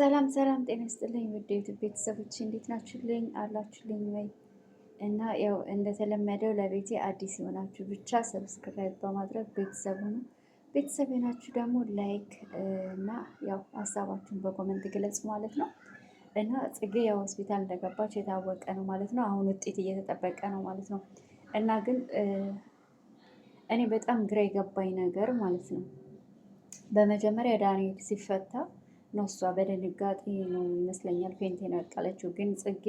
ሰላም ሰላም፣ ጤና ይስጥልኝ ውድ ዩቱብ ቤተሰቦች እንዴት ናችሁልኝ? አላችሁልኝ ወይ? እና ያው እንደተለመደው ለቤቴ አዲስ የሆናችሁ ብቻ ሰብስክራይብ በማድረግ ቤተሰብ ሁኑ። ቤተሰብ የሆናችሁ ደግሞ ላይክ እና ያው ሀሳባችሁን በኮመንት ግለጽ ማለት ነው። እና ጽጌ ያው ሆስፒታል እንደገባች የታወቀ ነው ማለት ነው። አሁን ውጤት እየተጠበቀ ነው ማለት ነው። እና ግን እኔ በጣም ግራ የገባኝ ነገር ማለት ነው በመጀመሪያ ዳንኤል ሲፈታ ነው። እሷ በድንጋጤ ነው ይመስለኛል ፌንት የነቀለችው። ግን ጽጌ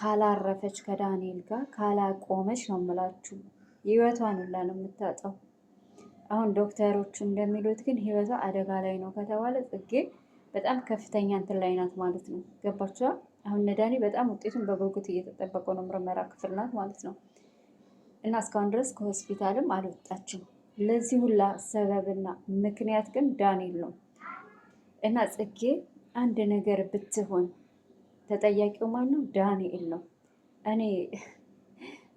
ካላረፈች ከዳንኤል ጋር ካላቆመች ነው የምላችሁ ህይወቷን ሁላ ነው የምታጣው። አሁን ዶክተሮቹ እንደሚሉት ግን ህይወቷ አደጋ ላይ ነው ከተባለ ጽጌ በጣም ከፍተኛ እንትን ላይ ናት ማለት ነው። ገባችኋል? አሁን ነዳኒ በጣም ውጤቱን በጉጉት እየተጠበቀው ነው። ምርመራ ክፍል ናት ማለት ነው። እና እስካሁን ድረስ ከሆስፒታልም አልወጣችም። ለዚህ ሁላ ሰበብና ምክንያት ግን ዳንኤል ነው። እና ጽጌ አንድ ነገር ብትሆን ተጠያቂው ማነው? ዳንኤል ነው። እኔ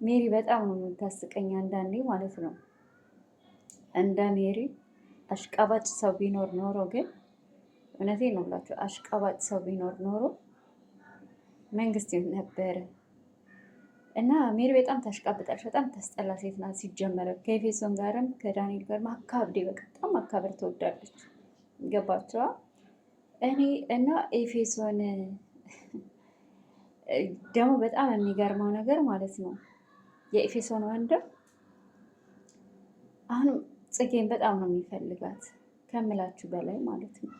ሜሪ በጣም ነው የምታስቀኝ አንዳንዴ ማለት ነው። እንደ ሜሪ አሽቃባጭ ሰው ቢኖር ኖሮ ግን እውነቴ ነው ብላችሁ አሽቃባጭ ሰው ቢኖር ኖሮ መንግስት ነበረ። እና ሜሪ በጣም ታሽቃብጣለች። በጣም ታስጠላ ሴት ናት። ሲጀመረ ከኤፌሶን ጋርም ከዳንኤል ጋርም አካብዴ በቃ በጣም አካብር ትወዳለች። ገባችኋል? እኔ እና ኤፌሶን ደግሞ በጣም የሚገርመው ነገር ማለት ነው የኤፌሶን ወንድም አሁንም ጽጌን በጣም ነው የሚፈልጋት ከምላችሁ በላይ ማለት ነው።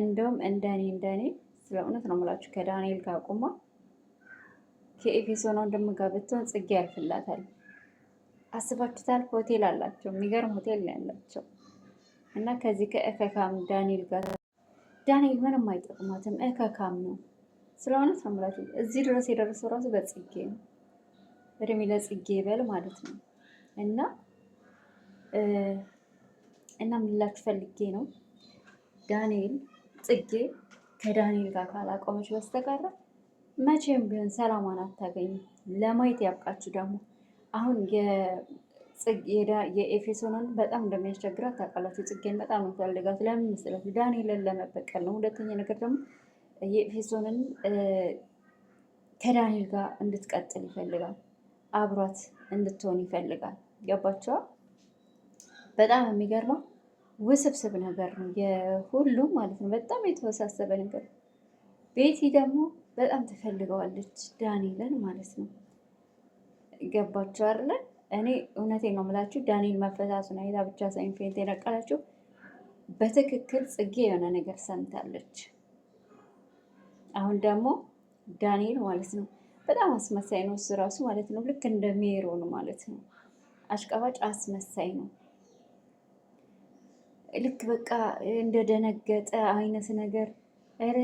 እንደውም እንደኔ እንደኔ ስለ እውነት ነው የምላችሁ ከዳንኤል ጋር ቁማ ከኤፌሶን ወንድም ጋር ብትሆን ጽጌ ያልፍላታል። አስባችሁታል? ሆቴል አላቸው፣ የሚገርም ሆቴል ነው ያላቸው እና ከዚህ ከእከካም ዳንኤል ጋር ዳንኤል ምንም አይጠቅማትም፣ እከካም ነው ስለሆነ ተምራት እዚህ ድረስ የደረሰው ራሱ በጽጌ ነው። እድሜ ለጽጌ በል ማለት ነው። እና እና ምን ፈልጌ ነው ዳንኤል ጽጌ ከዳንኤል ጋር ካላቆመች በስተቀረ መቼም ቢሆን ሰላሟን አታገኝም። ለማየት ያብቃችሁ ደግሞ አሁን ጽጌዳ የኤፌሶንን በጣም እንደሚያስቸግራት ታውቃላችሁ። ጽጌን በጣም እንፈልጋት ለምን መሰላችሁ? ዳንኤልን ለመበቀል ነው። ሁለተኛ ነገር ደግሞ የኤፌሶንን ከዳንኤል ጋር እንድትቀጥል ይፈልጋል። አብሯት እንድትሆን ይፈልጋል። ገባችኋል? በጣም የሚገርመው ውስብስብ ነገር ነው የሁሉም ማለት ነው። በጣም የተወሳሰበ ነገር። ቤቲ ደግሞ በጣም ትፈልገዋለች ዳንኤልን ማለት ነው። ገባችሁ አይደል? እኔ እውነቴ ነው የምላችሁ፣ ዳንኤል መፈታቱን አይታ ብቻ ሳይሆን ፌንት የነቀለችው በትክክል ጽጌ የሆነ ነገር ሰምታለች። አሁን ደግሞ ዳንኤል ማለት ነው በጣም አስመሳይ ነው እሱ ራሱ ማለት ነው። ልክ እንደ ሜሮን ማለት ነው። አሽቀባጭ አስመሳይ ነው። ልክ በቃ እንደደነገጠ አይነት ነገር፣ ኧረ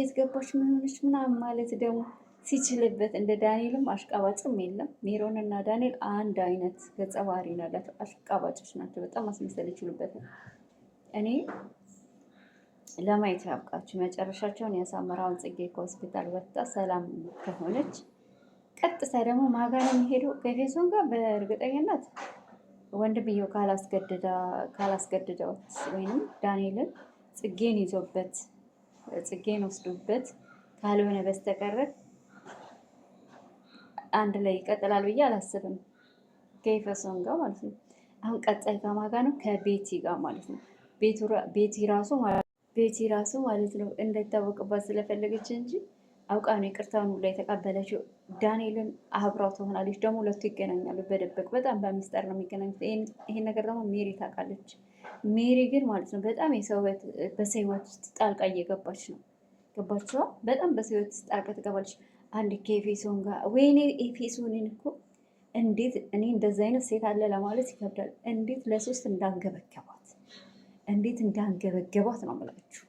የት ገባች ምን ሆነች ምናምን ማለት ደግሞ ሲችልበት እንደ ዳንኤልም አሽቃባጭም የለም። ሜሮን እና ዳንኤል አንድ አይነት ገጸ ባህሪ ናላቸው። አሽቃባጮች ናቸው። በጣም አስመሰል ይችሉበታል። እኔ ለማየት ያብቃችሁ። መጨረሻቸውን ያሳመራውን ጽጌ ከሆስፒታል ወጥታ ሰላም ከሆነች ቀጥታ ደግሞ ማጋ የሚሄደው ከፌዞን ጋር በእርግጠኝነት ወንድምየው ካላስገድዳዎት ወይም ዳንኤልን ጽጌን ይዞበት ጽጌን ወስዶበት ካልሆነ በስተቀረት አንድ ላይ ይቀጥላል ብዬ አላስብም። ከኤፌሶን ጋር ማለት ነው። አሁን ቀጣይ ጋማ ጋር ነው ከቤቲ ጋር ማለት ነው። ቤቲ ራሱ ቤቲ ራሱ ማለት ነው እንዳይታወቅባት ስለፈለገች እንጂ አውቃ ነው ይቅርታን ሁላ የተቀበለችው። ዳንኤልን አብራው ትሆናለች። ደግሞ ሁለቱ ይገናኛሉ በደበቅ በጣም በሚስጠር ነው የሚገናኙት። ይሄን ነገር ደግሞ ሜሪ ታውቃለች። ሜሪ ግን ማለት ነው በጣም የሰውበት በሰው ህይወት ውስጥ ጣልቃ እየገባች ነው። ገባችኋ? በጣም በሰው ህይወት ውስጥ ጣልቃ ትገባለች። አንድ ከኤፌሶን ጋር ወይኔ ኤፌሶንን እኮ እንዴት እኔ እንደዚ አይነት ሴት አለ ለማለት ይከብዳል። እንዴት ለሶስት እንዳንገበገባት እንዴት እንዳንገበገባት ነው ምላችሁ።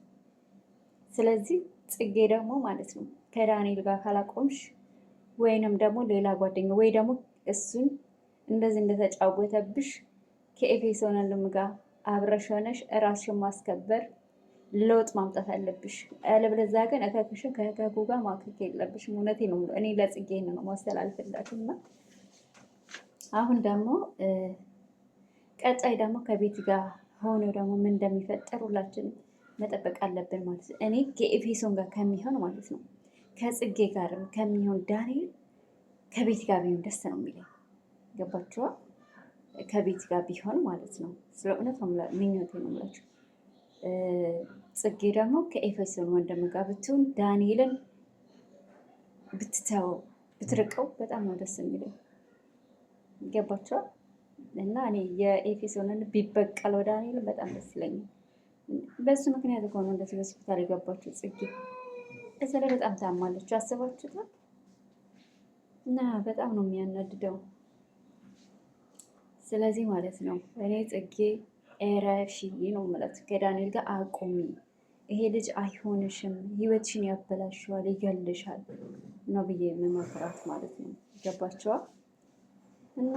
ስለዚህ ጽጌ ደግሞ ማለት ነው ከዳንኤል ጋር ካላቆምሽ ወይንም ደግሞ ሌላ ጓደኛ ወይ ደግሞ እሱን እንደዚህ እንደተጫወተብሽ ከኤፌሶንልም ጋር አብረሽ ሆነሽ እራስሽን ማስከበር ለውጥ ማምጣት አለብሽ። አለበለዚያ ግን እከክሽን ከእከኩ ጋር ማከክ የለብሽም። እውነቴ ነው። እኔ ለጽጌ ነው ማስተላልፍላት እና አሁን ደግሞ ቀጣይ ደግሞ ከቤት ጋር ሆኖ ደግሞ ምን እንደሚፈጠር ሁላችን መጠበቅ አለብን ማለት ነው። እኔ ከኤፌሶን ጋር ከሚሆን ማለት ነው ከጽጌ ጋርም ከሚሆን ዳንኤል ከቤት ጋር ቢሆን ደስ ነው የሚለው ገባችኋ? ከቤት ጋር ቢሆን ማለት ነው። ስለ እውነት ነው ምኞቴ ነው የምላችሁ። ጽጌ ደግሞ ከኤፌሶን ወንድም ጋር ብትሆን ዳንኤልን ብትተው ብትርቀው በጣም ነው ደስ የሚለው። ይገባቸዋል። እና እኔ የኤፌሶንን ቢበቀለው ዳንኤልን በጣም ደስ ይለኛል። በሱ ምክንያት ከሆነ እንደዚህ ሆስፒታል የገባችው ጽጌ እዛ ላይ በጣም ታማለች። አስባችሁታል? እና በጣም ነው የሚያናድደው። ስለዚህ ማለት ነው እኔ ጽጌ ኤረሺ ነው ማለት ከዳንኤል ጋር አቆሚ። ይሄ ልጅ አይሆንሽም፣ ህይወትሽን ያበላሸዋል፣ ይገልሻል ነው ብዬ የምመክራት ማለት ነው። ይገባቸዋል እና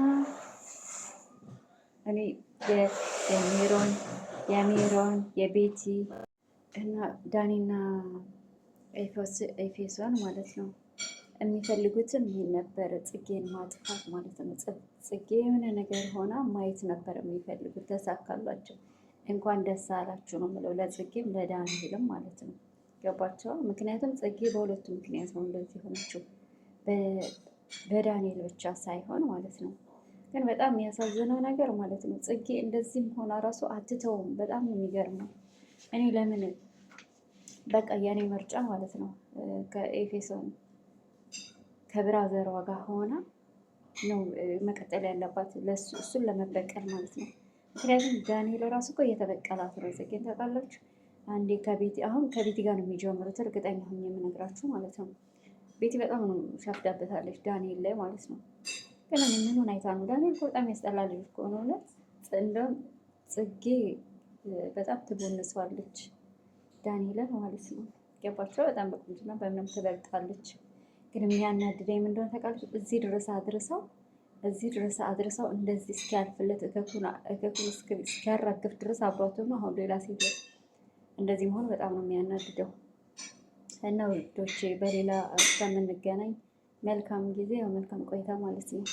እኔ የሚሮን የሚሮን የቤቲ እና ዳኒና ኤፌሶን ማለት ነው የሚፈልጉትም ይሄን ነበረ፣ ጽጌን ማጥፋት ማለት ነው። ጽጌ የሆነ ነገር ሆና ማየት ነበር የሚፈልጉት፣ ተሳካሏቸው። እንኳን ደስ አላችሁ ነው የምለው ለጽጌም ለዳንኤልም ማለት ነው። ገባቸው። ምክንያቱም ጽጌ በሁለቱ ምክንያት ነው እንደዚህ የሆነችው በዳንኤል ብቻ ሳይሆን ማለት ነው። ግን በጣም የሚያሳዝነው ነገር ማለት ነው ጽጌ እንደዚህም ሆና ራሱ አትተውም። በጣም የሚገርመው እኔ ለምን በቃ የኔ ምርጫ ማለት ነው ከኤፌሶን ከብራዘሯ ጋር ሆና ነው መቀጠል ያለባት እሱን ለመበቀል ማለት ነው። ምክንያቱም ዳንኤል ራሱ እኮ እየተበቀላት ነው። ጽጌን ታውቃላችሁ። አንዴ ከቤቲ አሁን ከቤቲ ጋር ነው የሚጀምሩት፣ እርግጠኛ ሆኜ የምነግራችሁ ማለት ነው። ቤቲ በጣም ነው ሸፍዳበታለች ዳንኤል ላይ ማለት ነው። ግን ምን ምኑን አይታ ነው? ዳንኤል እኮ በጣም ያስጠላ ልጅ እኮ ነው። እውነት እንደውም ጽጌ በጣም ትቦንሰዋለች ዳንኤልን ማለት ነው። ገባቸው በጣም በቁምትና በምንም ትበልጣለች። ግን የሚያናድደኝ ምን እንደሆነ ታውቃለች? እዚህ ድረስ አድርሰው እዚህ ድረስ አድርሰው እንደዚህ እስኪያልፍለት እከኩን እስኪያራግፍ ድረስ አብሯት አሁን ሌላ ሴት እንደዚህ መሆን በጣም ነው የሚያናድደው። እና ውዶቼ በሌላ እስከምንገናኝ መልካም ጊዜ፣ መልካም ቆይታ ማለት ነው።